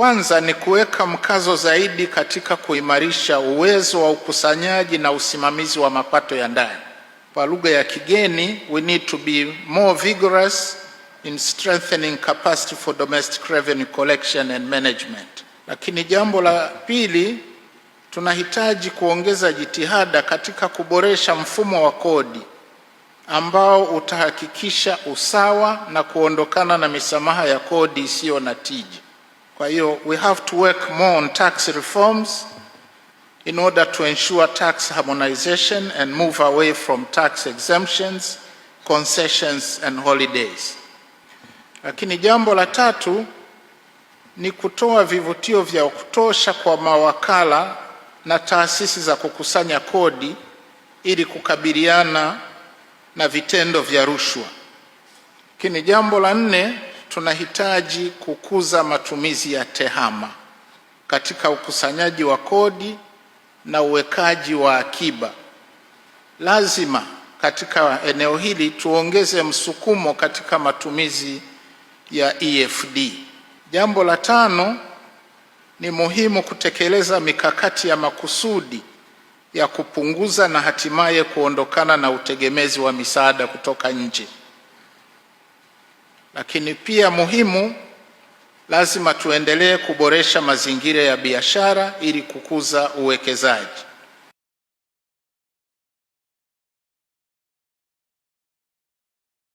kwanza ni kuweka mkazo zaidi katika kuimarisha uwezo wa ukusanyaji na usimamizi wa mapato ya ndani. Kwa lugha ya kigeni, we need to be more vigorous in strengthening capacity for domestic revenue collection and management. Lakini jambo la pili, tunahitaji kuongeza jitihada katika kuboresha mfumo wa kodi ambao utahakikisha usawa na kuondokana na misamaha ya kodi isiyo na tija. Kwa hiyo we have to work more on tax reforms in order to ensure tax harmonization and move away from tax exemptions, concessions and holidays. Lakini jambo la tatu ni kutoa vivutio vya kutosha kwa mawakala na taasisi za kukusanya kodi ili kukabiliana na vitendo vya rushwa. Lakini jambo la nne tunahitaji kukuza matumizi ya tehama katika ukusanyaji wa kodi na uwekaji wa akiba. Lazima katika eneo hili tuongeze msukumo katika matumizi ya EFD. Jambo la tano, ni muhimu kutekeleza mikakati ya makusudi ya kupunguza na hatimaye kuondokana na utegemezi wa misaada kutoka nje. Lakini pia muhimu, lazima tuendelee kuboresha mazingira ya biashara ili kukuza uwekezaji.